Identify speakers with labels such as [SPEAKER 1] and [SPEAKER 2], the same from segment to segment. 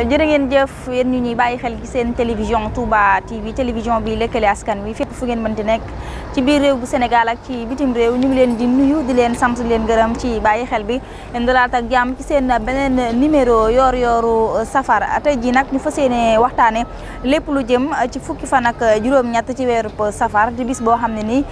[SPEAKER 1] jërë ngeen jëf yéen ñu ñuy bàyyi xel ci seen télévision Touba TV télévision bi lëkkale askan wi fépp fu ngeen mënti nekk ci biir réew bu Sénégal ak ci bitim réew ñu ngi leen di nuyu di leen sant leen gërëm ci bàyyi xel bi ndalaat ak jàmm ci seen beneen numéro yor yooru safar tey ji nag ñu fas yéene waxtaane lépp lu jëm ci fukki fan ak juróom-ñett ci weeru safar di bis boo xam ne ni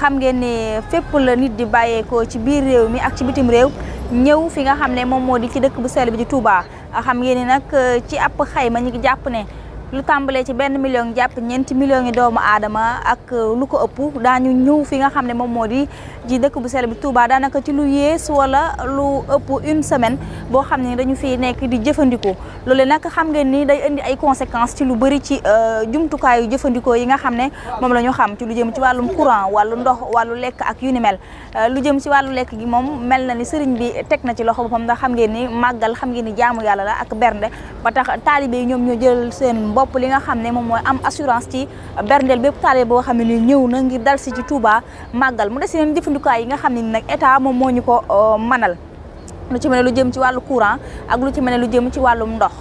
[SPEAKER 1] xam ngeen ni fépp la nit di bàyyeekoo ci biir réew mi ak ci bitim réew ñëw fi nga xam ne moom moo di ci dëkk bu sell bi di Touba xam ngeen ni nag euh, ci ab xayma ñu ngi jàpp ne lu tàmbalee ci benn million jàpp ñeenti million yi doomu aadama ak euh, lu ko ëpp daañu ñëw fi nga xam ne moom moo di ji dëkk bu sell bi Touba daanaka ci lu yées wala lu ëpp une semaine boo xam ne dañu fi nekk di jëfandikoo loole nag xam ngeen ni day indi ay conséquences ci lu bëri ci euh, jumtukaayu jëfandikoo yi nga xam ne moom la ñu xam ci lu jëm ci wàllum courant wàllu ndox wàllu lekk ak yu ni mel euh, lu jëm ci wàllu lekk gi moom mel na ni sëriñ bi teg na ci loxo boppam ndax xam ngeen ni màggal xam ni jaamu yàlla la ak bernde ba tax taalibe yi ñoom ñoo jël seen bopp li nga xam ne moom mooy am assurance ci berndeel bépp taalibe boo xam ne ni ñëw na ngir dal si ci Touba màggal mu des yeneen jëfandikoo yi nga xam ne nag état moom moo ñu ko euh, manal lu ci mel ne lu jëm ci wàllu courant ak lu ci mel ne lu jëm ci wàllum ndox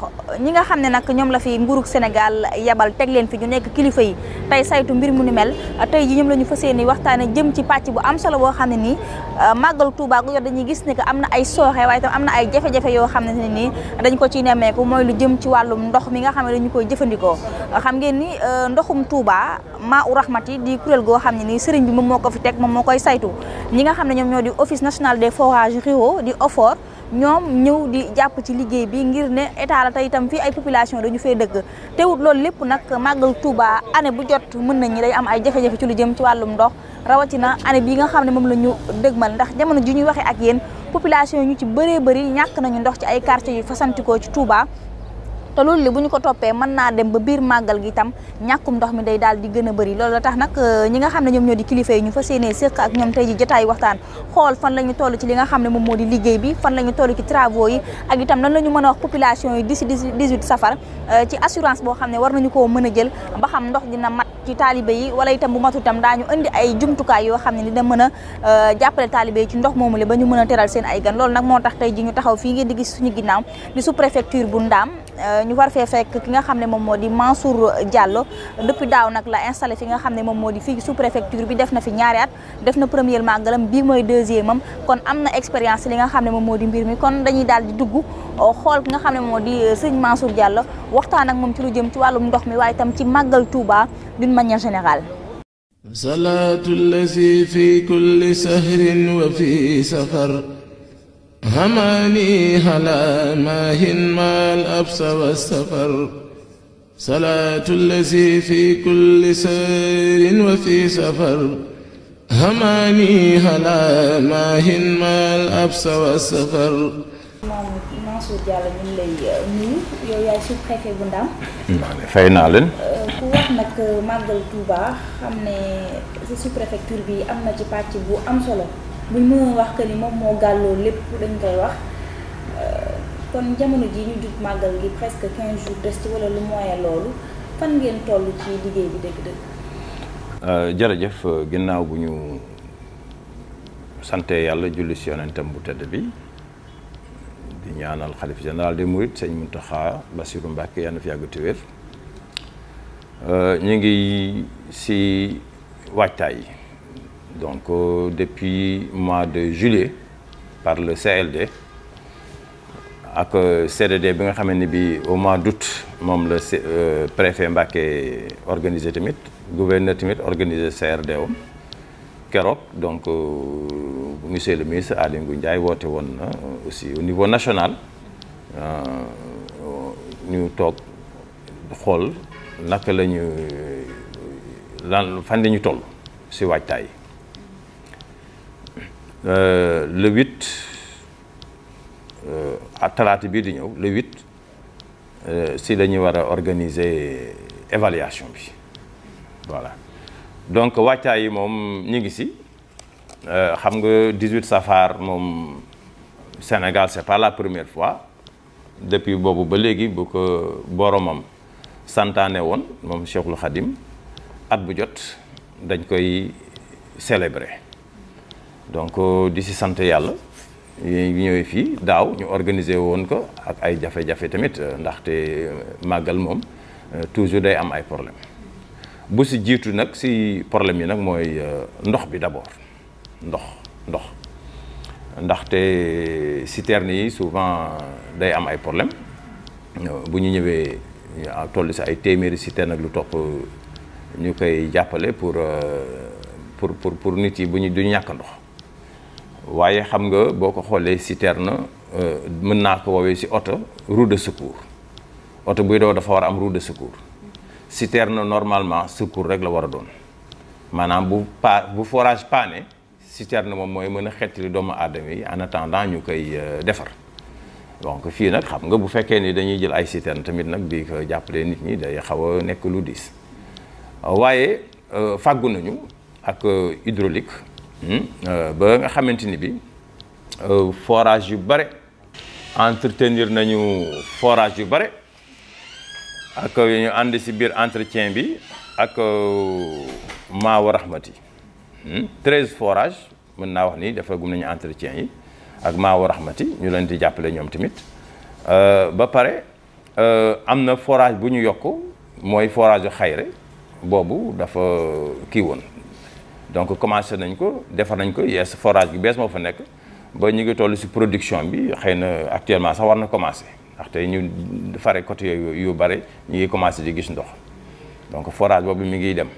[SPEAKER 1] ñi nga xam ne nag ñoom la fi nguurug Sénégal yebal teg leen fi ñu nekk kilifa yi tey saytu mbir mu nu mel tey ji ñoom la ñu fas yéene waxtaane jëm ci pàcc bu am solo boo xam ne nii euh, màggal Tuubaa gu yor dañuy gis ne am na ay sooxe waaye tam am na ay jafe-jafe yoo xam ne ne nii dañ ko ciy nemmeeku mooy lu jëm ci wàllum ndox mi nga xam ne dañu koy jëfandikoo xam ngeen ni euh, ndoxum Tuubaa maa u rahmati di kuréel goo xam ne nii sëriñ bi moom moo ko fi teg moom moo koy saytu ñi nga xam ne ñoo di office national des forages ruraux di OFOR ñoom ñëw di jàpp ci liggéey bi ngir ne état la tey itam fii ay population dañu fee dëkk teewut loolu lépp nag màggal Touba année bu jot mën ñi day am ay jafe-jafe ci lu jëm ci wàllum ndox rawatina année bi nga xam ne moom la ñu dëgmal ndax jamono ji ñu waxee ak yéen population ñu ci bëree bëri ñàkk nañu ndox ci ay quartiers yu fasantikoo ci Touba. te loolu li bu ñu ko toppee mën naa dem ba biir màggal gi itam ñàkkum ndox mi day daal di gën a bëri loolu la tax nag euh, ñi nga xam ne ñoom ñoo di kilifa yi ñu fas yéenee séq ak ñoom tey ji jotaay waxtaan xool fan la ñu toll ci li nga xam ne moom di liggéey bi fan la ñu toll ci travaux yi ak itam ñu mën population yi d'ici 18 safar euh, ci assurance boo xam ne war nañu koo mën a jël ba xam ndox dina mat ci taalibe yi wala itam bu matu itam daañu indi ay jumtukaay yoo xam ne dina mën a euh, jàppale taalibe yi ci ndox moomu le ba ñu mën a teral seen ay gan loolu nag moo tax tey ji ñu taxaw fii ngeen di gis suñu ginnaaw di sous préfecture bu Ndaam Euh, ñu war fee fekk ki nga xam ne moom moo di Mansour Diallo depuis daaw nag la installé fi nga xam ne moom moo di fii sous préfecture bi def na fi ñaari at def na premier màggalam bii mooy deuxième am kon am na expérience li nga xam ne moom moo di mbir mi kon dañuy daal di dugg euh, xool ki nga xam ne moom moo di euh, sëñ Mansour Diallo waxtaan ak moom ci lu jëm ci wàllum ndox mi waaye tam ci màggal Touba d'une manière générale.
[SPEAKER 2] salaatu llazi fi kulli sahrin wa fi safar هماني هلا ماهن ما الأبس والسفر صلاة الذي في كل سير وفي سفر هماني هلا ماهن ما الأبس والسفر
[SPEAKER 1] Mansour Diallo ñu ngi lay nuyu yow yaay sous bu Ndam. fay naa leen. ku wax nag màggal Touba xam ne sa sous-préfecture bi am na ci pàcc bu am solo. buñ mënoon wax que ni moom moo gàlloo lépp dañ koy wax euh, kon jamono ji ñu jub màggal gi presque 15 jours des ci wala lu moyen loolu fan ngeen toll ci liggéey bi dëgg-dëgg.
[SPEAKER 2] Euh, jërëjëf euh, ginnaaw bu ñu sante yàlla julli si yonentam bu tedd bi di ñaanal xalif général des mourides sëñ Mountakha Bassirou Mbacké yàlla na yàgg te ñu ngi si waajtaay yi. donc euh, depuis mois de juillet par le CLD ak euh, CDD bi nga xamante ne bi au mois d'août moom la euh, préfet Mbacké organiser tamit gouverneur tamit organiser CRD wam keroog donc monsieur le ministre Aly Ngouille Ndiaye woote woon na euh, aussi au niveau national ñu toog xool naka lañu ñu lan fan toll si waajtaay Euh, le huit talaata euh, bii di ñëw le huit euh, si lañuy war a organiser évaluation bi voilà donc wàccaa yi moom ñu ngi si xam nga 18 safar moom Sénégal c'est par la première fois depuis boobu ba léegi bu ko boromam santaane woon moom Cheikhul Khadim at bu jot dañ koy célébrer donc euh, di si sant yàlla yi ñëwee fii daaw ñu organiser woon ko ak ay jafe-jafe tamit euh, ndaxte euh, màggal moom toujours day am ay problème bu si jiitu nag si problème yi nag mooy ndox bi d'abord ndox ndox ndaxte citernes yi souvent day am ay problème bu ñu ñëwee toll si ay téeméeri citerne ak lu topp ñu koy jàppale pour pour pour pour nit yi bu ñu du ñàkk ndox waaye xam nga boo ko xoolee citerne euh, mën naa ko woowee ci oto roue de secours oto buy doo dafa war a am roue de secours citerne normalement secours rek la war a doon maanaam bu pa bu forage paane citerne moom mooy mën a xettali doomu aadama yi en attendant ñu koy euh, defar donc fii nag xam nga bu fekkee ni dañuy jël ay citerne tamit nag di ko jàppalee nit ñi day xaw a nekk lu diis waaye euh, fàggu nañu ak hydraulique Hmm? Euh, ba nga xamante ni bi euh, forage yu bare entretenir nañu forage yu bare ak euh, ñu ànd si biir entretien bi ak maawa rahmati hmm? treize forage mën naa wax nii dafa gum nañu entretien yi ak maawa rahmati ñu leen di jàppale ñoom tamit ba pare am na forage bu ñu yokk mooy forage yu xayre boobu dafa kii woon donc commencé nañ ko defar nañ ko yees forage bi bees moo fa nekk ba ñu ngi toll si production bi xëy na actuellement sax war na commencé ndax tey ñu fare côté yooyu yu bare ñu ngi commencé di gis ndox donc forage boobu mi ngi dem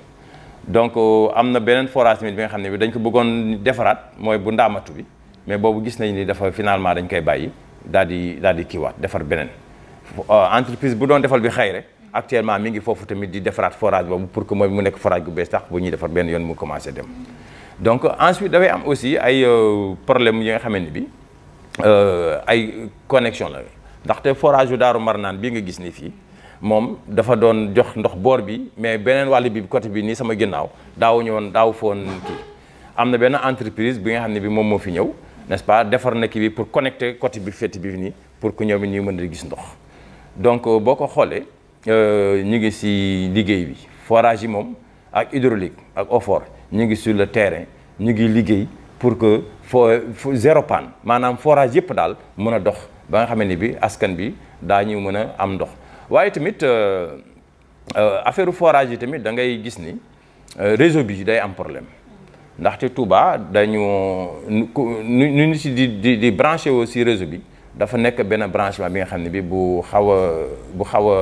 [SPEAKER 2] donc euh, am na beneen forage tamit bi nga xam ne bi dañ ko bëggoon defaraat mooy bu ndaamatu bi mais boobu gis nañ ni dafa finalement dañ koy bàyyi daal di daal di kiiwaat defar beneen euh, entreprise bu doon defal bi xëy rek actuellement mi ngi foofu tamit di defaraat forage boobu pour que mooy mu nekk forage bu bees tax bu ñuy defar benn yoon mu commencé dem donc ensuite dafay am aussi ay euh, problème yi nga xamante ni bi euh, ay connexion la ndaxte forage yu Daaru naan bii nga gis nii fii moom dafa doon jox ndox boor bi mais beneen wàll bi côté bi nii sama ginnaaw daawuñu woon daaw foon kii am na benn entreprise bi nga xam ne bi moom moo fi ñëw n'est-ce pas defar na ki bi pour connecter côté bi fétti bi nii pour que ñoom it ñuy mën a gis ndox donc euh, boo ko xoolee Euh, ñu ngi si liggéey bi forage yi moom ak hydraulique ak OFOR ñu ngi sur le terrain ñu ngi liggéey pour que fo zéro panne maanaam forage yëpp daal mën a dox ba nga xamante ni bi askan bi daa ñu mën a am ndox waaye tamit euh, euh, affaire forage yi tamit da ngay gis ni réseau bi day am problème ndaxte Touba dañu nu nu ñu si di di di branché si réseau bi. dafa nekk benn branchement bi nga xam ne bi bu xaw a bu xaw a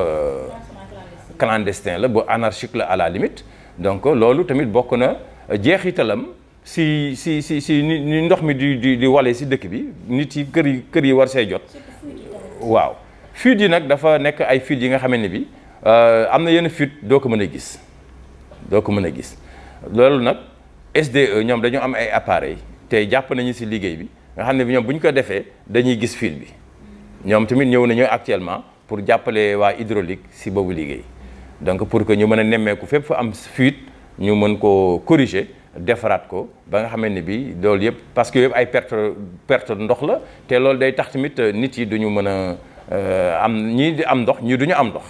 [SPEAKER 2] clandestin la bu anarchique la à la limite donc loolu tamit bokk na jeexitalam si si si si ni ndox mi di di di wale si dëkk bi nit yi kër yi kër yi war see jot waaw fuite yi nag dafa nekk ay fuite yi nga xamante ne bi euh, am na yenn fuite doo ko mën a gis doo ko mën a gis loolu nag SDE ñoom dañoo am ay appareils te jàpp nañu si liggéey bi nga xam ne bi ñoom bu ñu ko defee dañuy gis fil bi ñoom tamit ñëw nañu actuellement pour jàppale waa hydraulique si boobu liggéey donc pour que ñu mën a nemmeeku fépp fa am fuite ñu mën ko corriger defaraat ko ba nga xamante ne bi loolu yëpp parce que yëpp ay perte perte ndox la te loolu day tax tamit nit yi duñu mën a euh, am ñii di am ndox ñii duñu am ndox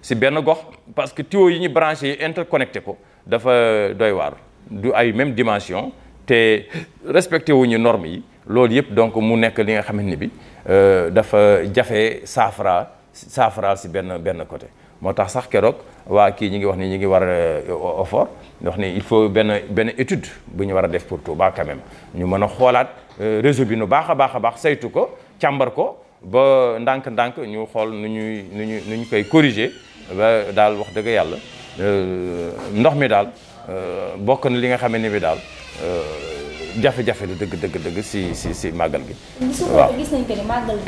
[SPEAKER 2] si benn gox parce que tuyaux yi ñu branché yi interconnecté ko dafa doy waar du ay même dimension te respecté wuñu normes yi loolu yëpp donc mu nekk li nga xamante ni bi euh, dafa jafe saafara saafaraal si benn benn côté moo tax sax keroog waa kii ñi ngi wax ni ñi ngi war euh, a effort ndox ni il faut benn benn étude bu ñu war a def pour Touba quand même ñu mën a xoolaat euh, réseau bi nu baax a baax a baax saytu ko càmbar ko ba ndànk-ndànk ñu xool nu ñuy nu ñu nu ñu koy corriger ba daal wax dëgg yàlla ndox mi daal bokk na li nga xamante ni bi daal jafe-jafe la dëgg dëgg dëgg si si si màggal gi. waaw gis
[SPEAKER 1] nañ ko ni màggal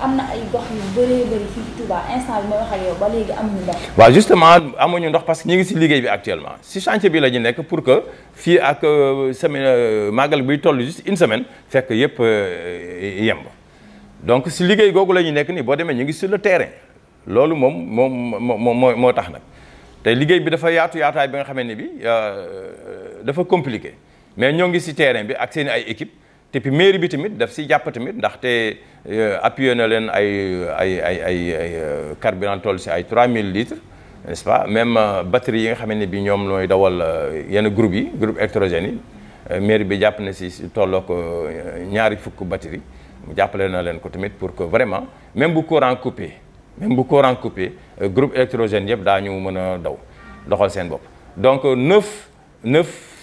[SPEAKER 1] am na ay gox yu bëree bëri fii ci Touba instant bi may wax ak ba léegi amuñu ndox. waaw justement
[SPEAKER 2] amuñu ndox parce que ñu ngi si liggéey bi actuellement si chantier bi la ñu nekk pour que fii ak euh, semaine euh, màggal bi toll juste une semaine fekk yëpp euh, yemb donc si liggéey googu la ñu nekk nii boo demee ñu ngi sur le terrain loolu moom moo moom moo moo tax nag te liggéey bi dafa yaatu yaataay bi nga xamee bi dafa compliqué. mais ñoo ngi si terrain bi ak seen ay équipe te puis maire bi tamit daf si jàpp tamit ndaxte euh, appuyé na leen ay ay ay ay ay euh, toll si ay 3000 litres n'est-ce pas même euh, batterie yi nga xamante ne bi ñoom looy dawal yenn groupe yi groupe électrogène yi mairie bi jàpp na si tolloo ko ñaari fukk batterie jàppale na leen ko tamit pour que vraiment même bu courant coupé même bu courant coupé groupe électrogène yëpp daa ñu mën a daw doxal seen bopp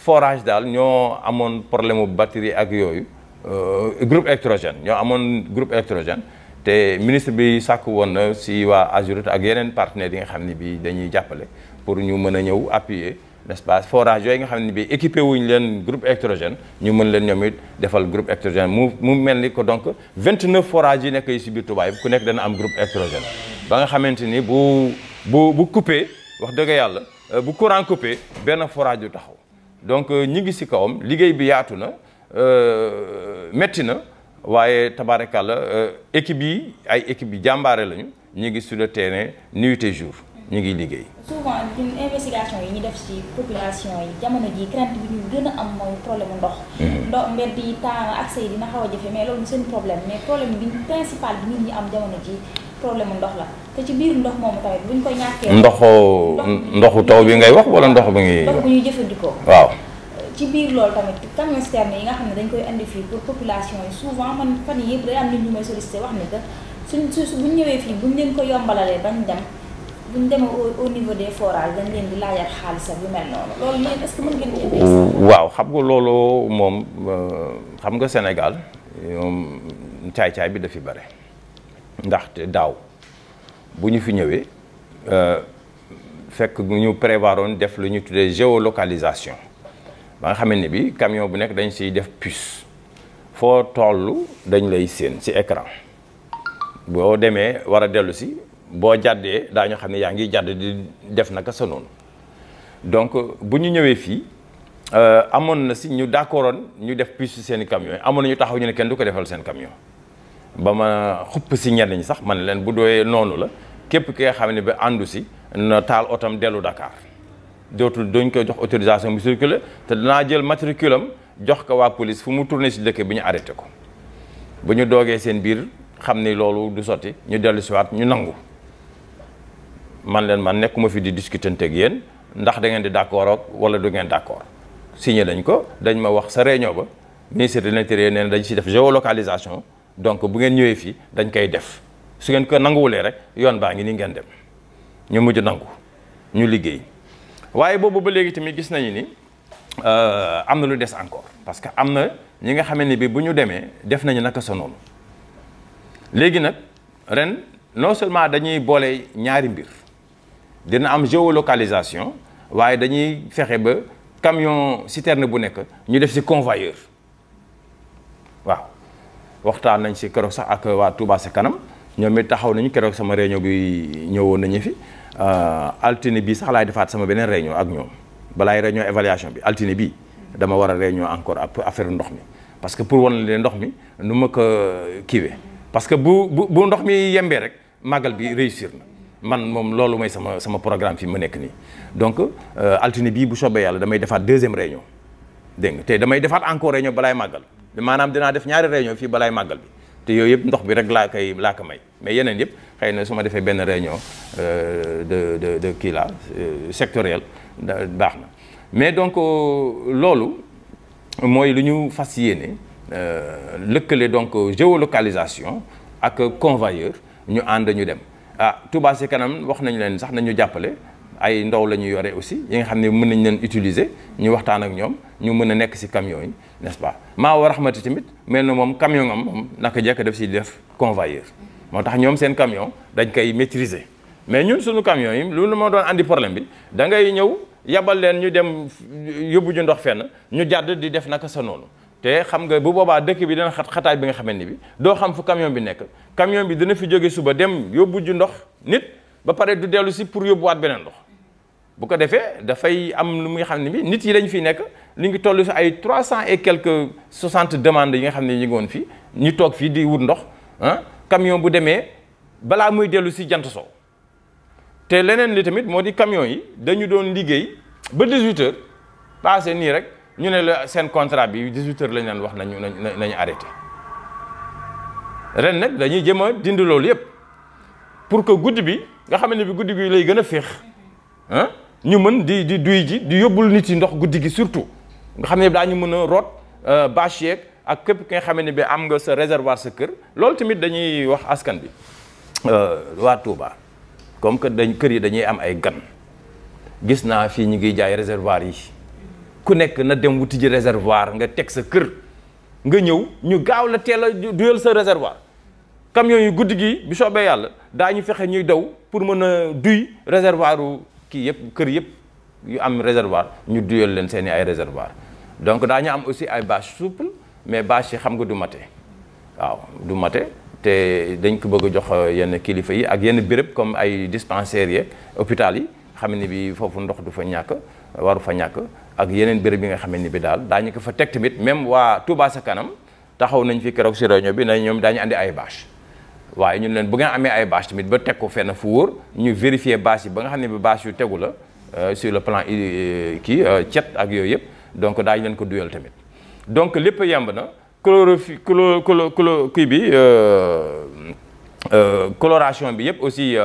[SPEAKER 2] forage daal ñoo amoon problème mu batterie ak yooyu euh, groupe électrogène ñoo amoon groupe électrogène te ministre bi sàkk woon na si waa AGEROUTE ak yeneen partenaires yi nga xam ni bi dañuy jàppale pour ñu mën a ñëw appuyer n'est-ce forage yooyu nga xam ne bi équipé wuñ leen group électrogène ñu mën leen ñoom it defal group électrogène mu mu mel ni ko donc vingt neuf forages yi nekk yi si biir Touba ku nekk dana am groupe électrogène ba nga xamante ni bu bu bu coupé wax dëgg yàlla euh, bu courant coupé benn forage du taxaw donc euh, ñi ngi si kawam liggéey bi yaatu na euh, metti na waaye tabaarakàlla euh, équipe yi ay équipe yi jàmbaare lañu ñi ngi sur le terrain nuit et jour ñu ngi liggéey.
[SPEAKER 1] souvent investigation yi ñu def ci population yi jamono ji crainte bi ñu gën a am mooy problème ndox. Mhm. ndox mbedd yi temps accès yi dina xaw a jafe mais loolu seen problème mais problème bi principal bi nit ñi am jamono ji problème ndox la te ci biir ndox moomu tamit buñ ko ñàkkee. ndoxu ndoxu taw bi ngay wax wala ndox bi ngi ndox bu ñu ñëwee fii buñ leen ko yombalalee bañ dem. bu ñu demee au niveau des forages dañ leen di laajaat xaalis ak yu mel
[SPEAKER 2] noonu loolu moom euh, xam nga Sénégal moom euh, caay-caay bi dafi bare ndaxte daaw bu ñu fi ñëwee euh, fekk gu ñu prévoir woon def lu ñu tuddee géolocalisation ba nga xamante ne bi camion bu nekk dañu siy def puce foo toll dañ lay séen si écran boo demee war a dellu si boo jàddee daañu xam ne yaa ngi jàdd di def naka sa noonu donc bu ñu ñëwee fii euh, amoon na si ñu d'accordoon ñu def puce si seen i camion amoon na ñu taxaw ñu ne kenn du ko defal seen kamion ba ma xupp si ñenn sax man leen bu doyee noonu la képp ki nga xam ne bi àndu si na taal otam dellu Dakar dootul duñ koy jox autorisation mu circuler te danaa jël matriculam jox ko waa police fu mu tourné si dëkk bi ñu arrêté ko bu ñu doogee seen biir xam ni loolu du sotti ñu dellu si waat ñu nangu man leen man nekkuma fi di discutante ak yéen ndax da ngeen di d'accord ak wala du ngeen d'accord signé dañ ko dañ ma wax sa réunion ba ministre de l'intérieur nee neen dañ si def géolocalisation donc bu ngeen ñëwee fii dañ koy def su ngeen ko nanguwulee rek yoon baa ngi ni ngeen dem ñu mujj nangu ñu liggéey waaye boobu ba léegi tamit gis nañu ni euh, am na lu des encore parce que am na ñi nga xamee ni bi bu ñu demee def nañu naka sa noonu léegi nag ren non seulement dañuy boole ñaari mbir dina am géolocalisation waaye dañuy fexe ba camion siterne bu nekk ñu def ci convoyeur waaw waxtaan nañ si keroog sax ak waa Touba sa kanam ñoom it taxaw nañu keroog sama réunion bi ñëwoon nañu fi euh, altine bii sax laay defaat sama beneen réunion ak ñoom balaay réunion évaluation bi altine bi dama war a réunion encore affaire ndox mi parce que pour wan ne ndox mi nu ma ko kiiwee parce que bu bu bu ndox mi yembee rek màggal bi réussir na man moom loolu mooy sama sama programme fi ma nekk nii donc euh, altine bii bu soobee yàlla damay defaat deuxième réunion dégg nga te damay defaat encore réunion balaay màggal maanaam dinaa def ñaari réunion fii balaay màggal bi te yooyu yëpp ndox bi rek laa koy laa ko may mais yeneen yëpp xëy na su ma defee benn réunion euh, de de de kii la euh, sectoriel baax na mais donc euh, loolu mooy lu ñu fas yéene lëkkale donc géolocalisation ak convoyeur ñu ànd ñu dem ah Touba ci kanam wax nañu leen sax nañu jàppale ay ndaw la ñu yore aussi yi nga xam ne mën nañ leen utiliser ñu waxtaan ak ñoom ñu mën a nekk ci camion yi n'est-ce pas maa wa raxmati tamit mel na moom camion am moom naka jekk def si def convoyeur moo tax ñoom seen camion dañ koy maîtriser mais ñun suñu camion yi loolu moo doon indi problème bi da ngay ñëw yabal leen ñu dem yóbbu ju ndox fenn ñu jàdd di def naka sa noonu te xam nga bu boobaa dëkk bi dana xat xataay bi nga xamante bi doo xam fu camion bi nekk camion bi dana fi jóge suba dem yóbbu ju ndox nit ba pare du dellu si pour yóbbuwaat beneen ndox bu ko defee dafay am lu muy xam ne bi nit yi dañ fi nekk li ngi toll si ay trois cent et quelque soixante demande yi nga xam ne ñu ngi woon fii ñu toog fii di wut ndox ah camion bu demee balaa muy dellu si jant soow te leneen li tamit moo di camion yi dañu doon liggéey ba 18 heures passé nii rek ñu ne la seen contrat bi 18 heures lañ leen wax nañu nañu arrêté ren nag dañuy jëm a dindi loolu yëpp pour que guddi bi nga xam ne bi guddi bi lay gën a féex ah ñu mën di di duy ji di yóbbul nit yi ndox guddi gi surtout nga xam ne daa ñu mën a root euh, bâche yeeg ak képp ki nga xam ne bi am nga sa réservoir sa kër loolu tamit dañuy wax askan bi euh, waa Touba comme que dañ kër yi dañuy am ay gan gis naa fii ñu ngi jaay réservoir yi ku nekk na dem wuti ji réservoir nga teg sa kër nga ñëw ñu gaaw la teelal a duyal sa réservoir camion yu guddi gi bi soobee yàlla daañu fexe ñuy daw pour mën a duy réservoiru kii yëpp kër yëpp yu am réservoir ñu duyal leen seen i ay réservoir donc daañu am aussi ay bâche souple mais bâche yi xam nga du mate waaw du mate te dañ ko bëgg a jox euh, yenn kilifa yi ak yenn béréb comme ay dispensaires yi hôpital yi xam ne bi foofu ndox du fa ñàkk waru fa ñàkk ak yeneen béréb yi nga xam ne bi daal ñu ko fa teg tamit même waa Touba sa kanam taxaw nañ fi keroog si réunion bi na ñoom daañu andi ay bâche waaye ñun leen bu ngeen amee ay bâche tamit ba teg ko fenn fu wóor ñu vérifier bâche yi ba nga xam ne bi bâche yu tegu la euh, sur le plan euh, kii euh, cet ak yooyu yëpp donc daañu leen ko duyal tamit donc lépp yemb na chlorofi clo clo clo kii bi coloration bi yëpp aussi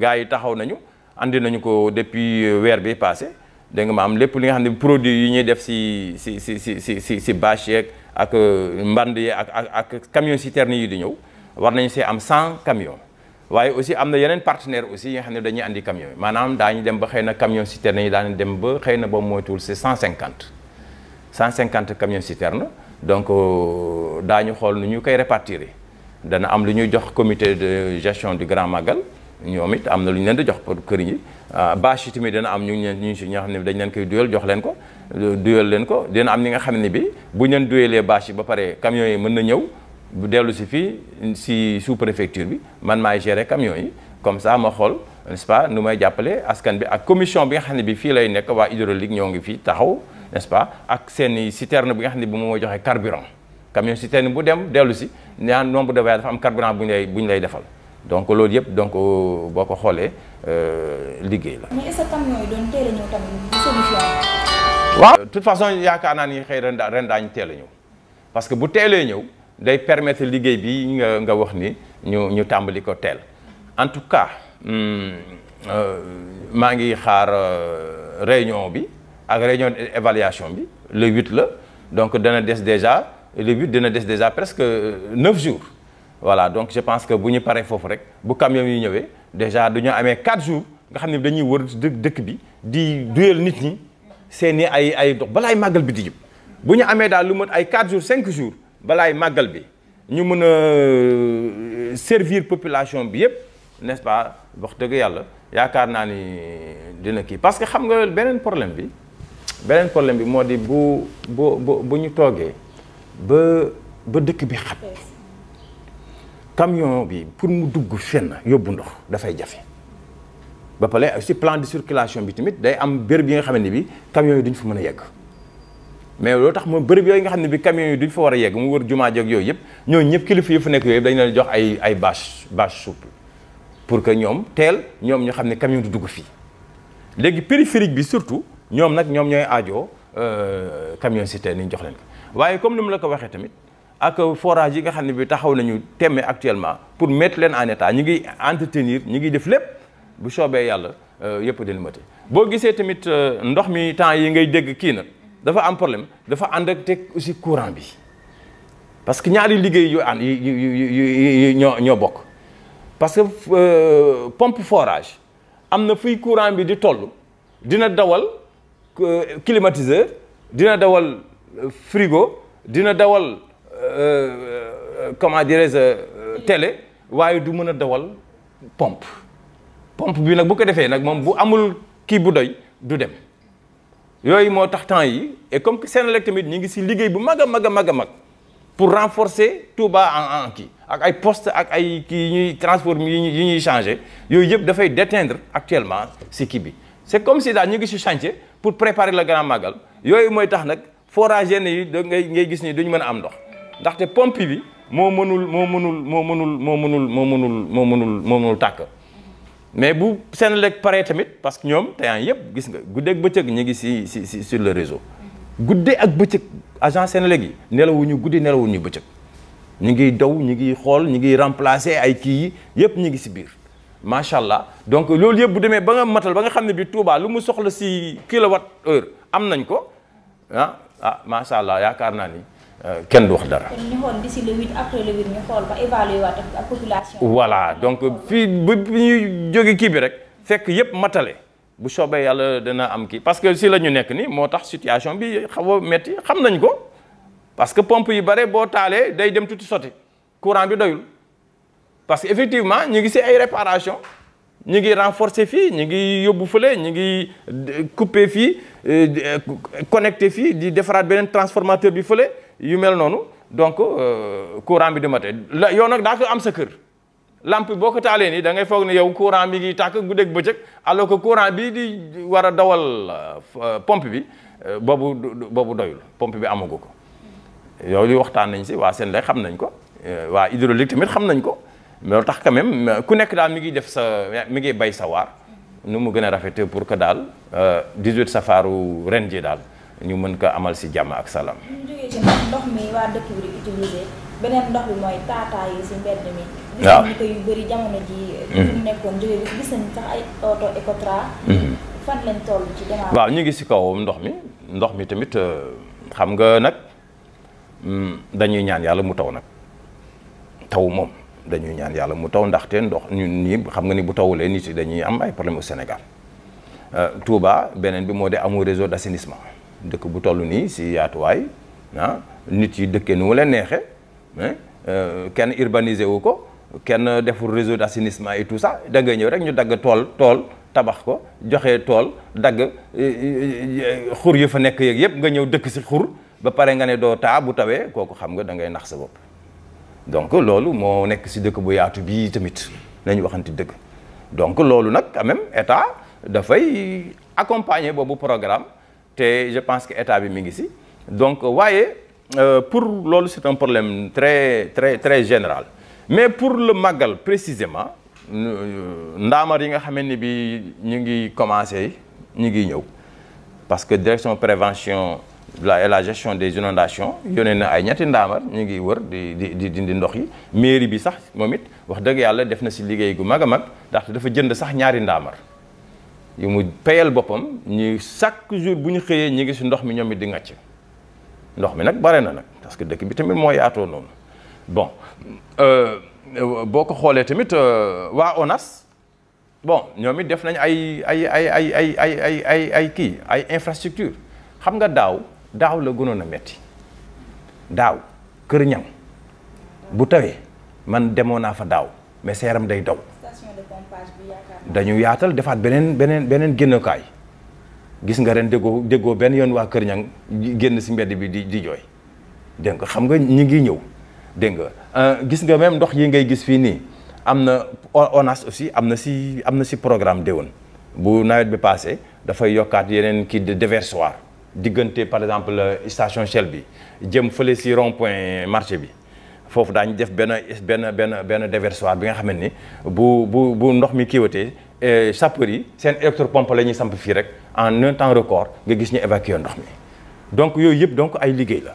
[SPEAKER 2] gars yi taxaw nañu andi nañu ko depuis weer bi passé dégg nga am lépp li nga xam ne produit yi ñuy def si si si si si si si bâche yeeg ak mband yeeg ak ak ak camion citerne yi di ñëw war nañ see am cent camions waaye aussi am na yeneen partenaire aussi yi nga xam ne dañuy andi camions yi maanaam daañu dem ba xëy na camion citerne yi daañu dem ba xëy na ba moytuwul c'est 150 150 camions citerne donc euh, daañu xool nu ñu koy répartir dana am lu ñuy jox comité de gestion du Grand Magal ñoom it am na lu ñu leen di jox pour kër yi ah, bâche yi tamit dana am ñu ñu ñu si ñoo xam ne dañ leen koy duyal jox leen ko duyal leen ko dina am ñi nga xam ne bi bu ñu leen duyalee bâche yi ba pare camions yi mën na ñëw bu dellu si fii si sous préfecture bi man maay gérer camions yi comme saa ma xool n'est-ce pas nu may jàppale askan bi ak commission bi nga xam ne bi fii lay nekk waa hydraulique ñoo ngi fii taxaw n'est-ce pas ak seen citerne bi nga xam ne bi moom mooy joxe carburant camion citerne bu dem dellu si naan nombre de voyage dafa am carburant bu ñu lay bu ñu lay defal donc loolu yëpp donc euh, boo ko xoolee euh, liggéey la.
[SPEAKER 1] mais est camion yi doon teel ñëw tamit solution.
[SPEAKER 2] waaw de toute façon yaakaar naa ni xëy ren daa ren daañu teel a ñëw parce que bu teelee ñëw. day permettre liggéey bi nga nga wax ni ñu ñu tàmbali ko teel en tout cas hmm, euh, maa ngi xaar euh, réunion bi ak réunion évaluation bi le huit la donc dana des déjà le huit dana des déjà presque euh, neuf jours voilà donc je pense que bu ñu paree foofu rek bu camion yi ñëwee déjà dañoo amee quatre jours nga xam ne dañuy wër dëkk dëkk bi di duyal nit ñi seeni ay ay dox balaay màggal bi di jub bu ñu amee daal lu mot ay quatre jours cinq jours balaay màggal bi ñu mën a euh, servir population bi yëpp n'est-ce wax dëgg yàlla yaakaar naa ni dina kii parce que xam nga beneen problème bi beneen problème bi moo di bu bu bu ñu toogee ba ba dëkk bi xat camion bi pour mu dugg fenn yóbbu ndox dafay jafe ba pare si plan de circulation bi tamit day am béréb yi nga xamante ni bi camion yi duñ fa mën a yegg mais loo tax mooy bërëb yooyu nga xam ne bi camions yi duñ fa war a yegg mu wër jumaa jog yooyu yëpp ñooñu ñëpp kilifa yi fa nekk yooyu dañ leen jox ay ay bâche bâche souple pour que ñoom teel ñoom ñu xam ne camion du dugg fii léegi périphérique bi surtout ñoom nag ñoom ñooy aajoo euh, camion cité ni ñu jox leen ko waaye comme ni mu la ko waxee tamit ak forage yi nga xam ne bi taxaw nañu temme actuellement pour mettre leen en ñu ngi entretenir ñu ngi def lépp bu soobee yàlla euh, yëpp dina boo gisee tamit euh, ndox mi temps yi ngay dégg kii na dafa am problème dafa ànd ak teg aussi courant bi parce que ñaari liggéey yu ànd yu ñoo ñoo bokk parce que euh, pompe forage am na fuy courant bi di toll dina dawal euh, climatiseur dina dawal euh, frigo dina dawal comment dire je télé waaye du mën a dawal pompe pompe bi nag bu ko defee nag moom bu amul kii bu doy du dem yooyu moo tax temps yi et comme que Senelec tamit ñu ngi si liggéey bu mag a mag a mag a mag pour renforcer Touba en en kii ak ay poste ak ay kii ñuy transport yi ñuy yi ñuy changé yooyu yëpp dafay déteindre actuellement si kii bi. c' est comme si daal ñu ngi si chantier pour préparer la grand magal yooyu mooy tax nag forage yenn yi da ngay ngay gis ni duñu mën a am ndox ndaxte pompe bi moo mënul moo mënul moo mënul moo mënul moo mënul moo mënul moo mënul moo mënul tàkk. mais bu Senelec pare tamit parce que ñoom teyaan yëpp gis nga guddee ak bëccëg ñu ngi si si sur le réseau guddee ak bëccëg agent Senelec yi nelawuñu guddi nelawuñu bëccëg ñu ngi dow ñu ngi xool ñu ngi remplacer ay kii yi yëpp ñu ngi si biir macha allah donc loolu yëpp bu demee ba nga matal ba nga xam ne bi Touba lu mu soxla si kilowatt heure am nañ ko ah ah macha allah yaakaar naa ni. kenn du wax dara.
[SPEAKER 1] kon ñu xool d'ici le
[SPEAKER 2] voilà donc fii bu ñuy jóge kii bi rek fekk yëpp matale bu soobee yàlla dana am kii parce que si la ñu nekk nii moo tax situation bi xaw a metti xam nañ ko parce que pompe yi bare boo taalee day dem tuuti sotti courant bi doyul parce que effectivement ñu ngi si ay réparation ñu ngi renforcer fii ñu ngi yóbbu fële ñu ngi couper fii euh, euh, connecté fii di defaraat beneen transformateur bi fële. yu mel noonu donc euh, courant bi di mate la yow nag daa ko am sa kër làmp boo ko taalee nii da ngay foog ne yow courant bi ngi tàkk guddeeg bëccëg alors que courant bi di war a dawal euh, pompe bi euh, boobu boobu doyul pompe bi amagu ko yow yooyu waxtaan nañ si waa seen lay xam nañ ko waa hydraulique tamit xam nañ ko mais tax quand même ku nekk daal mi ngi def sa mi ngi bay sa waar nu mu gën a rafetee pour que daal 18 safaaru ren ji daal ñu mën ko amal si jàmm ak salaam.
[SPEAKER 1] ñu ndox mi waa dëkk bi di utiliser beneen ndox bi mooy taataa si mbedd mi. Eh, mm-hmm. mm-hmm.
[SPEAKER 2] waaw ñu ngi si kaw ndox mi ndox mi tamit eh, xam nga nag mm, dañuy ñaan yàlla mu taw nag taw moom dañuy ñaan yàlla mu taw ndaxte ndox ñun nii xam nga ni bu tawulee nit yi dañuy am ay problème au Sénégal eh, Touba beneen bi moo de amul réseau d'assainissement. dëkk bu toll nii si yaatuwaay ah, nit yi dëkke nu mu leen neexee eh, eh, kenn urbaniser wu ko kenn deful réseau d'assainissement et tout ça da ngay ñëw rek ñu dagg tool tool tabax ko joxe tool dagg eh, xur yi fa nekk yeeg yëpp nga ñëw dëkk si xur ba pare nga ne doo taa bu tawee kooku xam nga da ngay nax sa bopp donc loolu moo nekk si dëkk bu yaatu bii tamit nañu waxante dëgg donc loolu nag quand même état dafay accompagner boobu programme te je pense que état bi mu ngi si donc waaye euh, pour loolu c'est un problème très très très général mais pour le màggal précisément euh, ndaamar yi nga xamante ni bi ñu ngi commencé ñu ngi ñëw parce que direction prévention la et gestion des inondations yónnee na ay ñetti ndaamar ñu ngi wër di di di dindi ndox yi mairie bi sax moom it wax dëgg yàlla def na si liggéey gu mag a mag ndaxte dafa jënd sax ñaari ndaamar yu mu payal boppam ñi chaque jour bu ñu xëyee ñi ngi si ndox mi ñoom mi di nga ngàcc ndox mi nag bare na nag parce que dëkk bi tamit moo yaatoo noonu bon euh, boo ko xoolee tamit euh, waa ONAS bon ñoom it def nañ ay ay ay ay ay ay ay ay ay kii ay infrastructure xam nga daaw daaw la gënoon a metti daaw kër ñam bu tawee man demoon naa fa daaw mais seeram day dow dañu yaatal defaat beneen beneen beneen génnukaay gis nga ren déggoo déggoo benn yoon waa Kër Ñang génn si mbedd bi di di jooy dégg nga xam nga ñi ngi ñëw dégg nga euh, gis nga même ndox yi ngay gis fii nii am na ONAS aussi am na si am na si programme déwén bu nawet bi passé dafay yokkaat yeneen kii de déversoir diggante par exemple euh, station Shell bi jëm fële si rond point marché bi foofu daañu def benn benn benn benn déversoir bi nga xamante ni bu bu bu ndox mi kiiwatee eh, sapeur yi seen électropompe la ñuy samp fii rek en un temps record nga gis ñu évacuer ndox mi donc yooyu yëpp donc ay liggéey la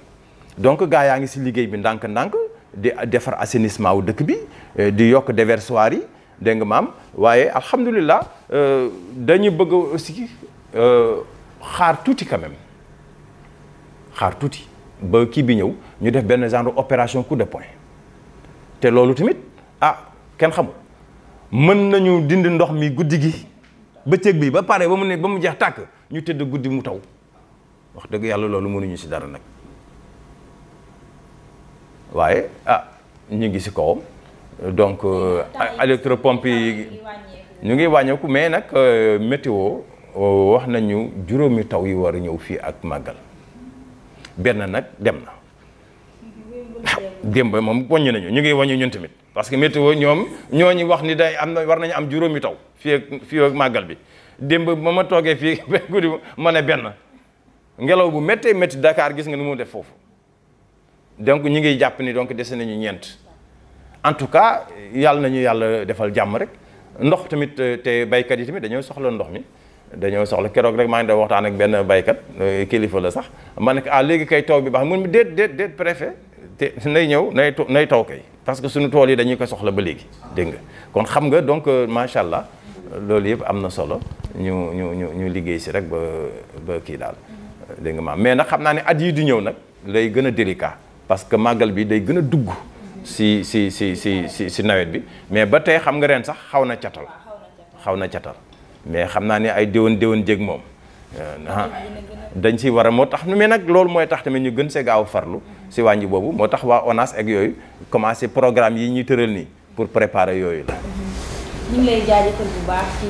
[SPEAKER 2] donc gaa yaa ngi si liggéey bi ndànk-ndànk di defar assainissement wu dëkk bi eh, di yokk déversoir yi dégg nga maam waaye alhamdulilah eh, dañu bëgg aussi xaar tuuti quand xaar tuuti ba kii bi ñëw ñu def benn genre opération coup de te loolu tamit ah kenn xamul mën nañu dindi ndox mi guddi gi bëccëg bi ba pare ba mu ne ba mu jeex tàkk ñu tëdd guddi mu taw wax dëgg yàlla loolu mënuñu ci dara nag waaye ah ñu ngi ci kawam donc euh, électropompe yi ñu ngi wàññeeku mais nag euh, météo euh, wax nañu juróomi taw yi war a ñëw fii ak màggal benn nag dem na démb moom wàññi nañu ñu ngi wàññi ñun tamit parce que météo ñoom ñoo ñu wax ni day am war nañu am juróomi taw fii ak fii màggal bi démb ba ma toogee fii ba guddi ma ne benn ngelaw bu méttee métti dakaar gis nga ni mu def foofu donc ñu ngi jàpp ni donc dese nañu ñeent en tout cas yàlla nañu yàlla defal jàmm rek ndox tamit te baykat yi tamit dañoo soxla ndox mi. dañoo soxla keroog rek maa ngi doon waxtaan ak benn baykat eh, kilifa la sax ma ne ko ah léegi kay taw bi baax mun déet déet déet préfet te nay ñëw nay nay taw kay parce que suñu tool yi dañuy ko soxla ba léegi dégg nga kon xam nga donc euh, macha allah loolu yëpp am na solo ñu ñu ñu ñu liggéey si rek ba kii daal dégg nga maam mais na xam naa ne at yii di ñëw nag lay gën a délicat parce que màggal bi day gën a dugg si si si si si si nawet bi mais ba tey xam nga ren sax xaw na catal xaw na catal mais xam naa ni ay déwén déwén jéeg moom ah. dañ si war a moo tax mais nag loolu mooy tax tamit ñu gën see gaaw farlu si wàññi boobu moo tax waa ONAS ak yooyu commencé programme yi ñuy tëral nii pour préparer yooyu la.
[SPEAKER 1] ñu lay jaajëfal bu baax ci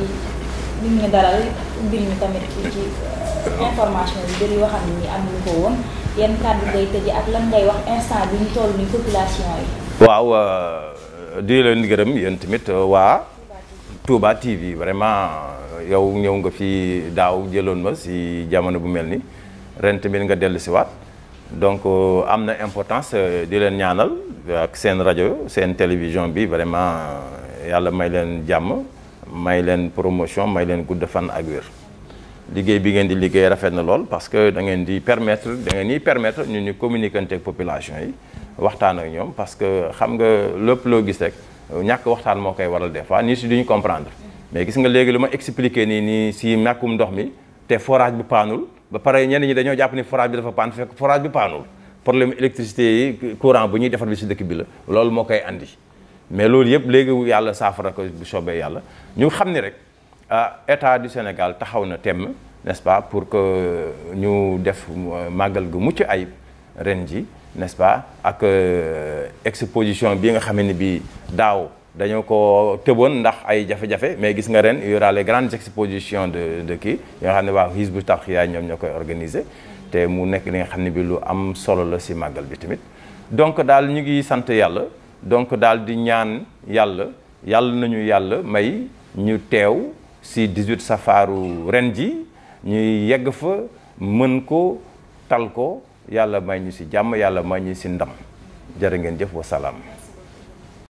[SPEAKER 1] li ñu dalal mbir mi tamit ci euh, information yu bëri yoo xam ne ko woon yan kàddu ngay tëjee ak lan ngay wax instant bi ñu ni population yi.
[SPEAKER 2] waaw euh, di leen gërëm yéen tamit euh, waa. ba TV vraiment yow ñëw nga fi daaw jëloon ma si jamono bu mel ni ren tamit nga dellu si waat donc euh, am na importance euh, di leen ñaanal ak seen rajo seen télévision bi vraiment euh, yàlla may leen jàmm may leen promotion may leen gudd fan ak wér. liggéey bi ngeen di liggéey rafet na lool parce que da ngeen di permettre da ngeen ñuy permettre ñu ñu communiquer ak population yi waxtaan ak ñoom parce que xam nga lépp loo gis rek. ñàkk waxtaan moo koy waral des fois nit si duñu comprendre mais gis nga léegi lu ma expliqué nii nii si ñàkkum ndox mi te forage bi paanul ba pare ñenn ñi dañoo jàpp ni forage bi dafa paan fekk forage bi paanul problème électricité yi courant bu ñuy defar bi si dëkk bi la loolu moo koy andi mais loolu yëpp léegi yàlla saafara ko bu soobee yàlla ñu xam ni rek ah état du Sénégal taxaw na temm n'est-ce pas pour que ñu def màggal gu mucc ayib ren ji n'est-ce pas ak euh, exposition bi nga xam ne bi daaw dañoo ko tëboon ndax ay jafe-jafe mais gis nga ren il y aura les grandes de de kii yoo xam ne waa Hizbut Tarqiyyah ñoom ñoo koy organiser mm-hmm. te mu nekk li nga xam ne bi lu am solo la si màggal bi tamit donc daal ñu ngi sant yàlla donc daal di ñaan yàlla yàlla nañu yàlla may ñu teew si 18 safaaru ren ji ñuy yegg fa mën ko tal ko yàlla may ñu si jàmm yàlla may ñu si ndam jërë ngeen jëf wa salaam.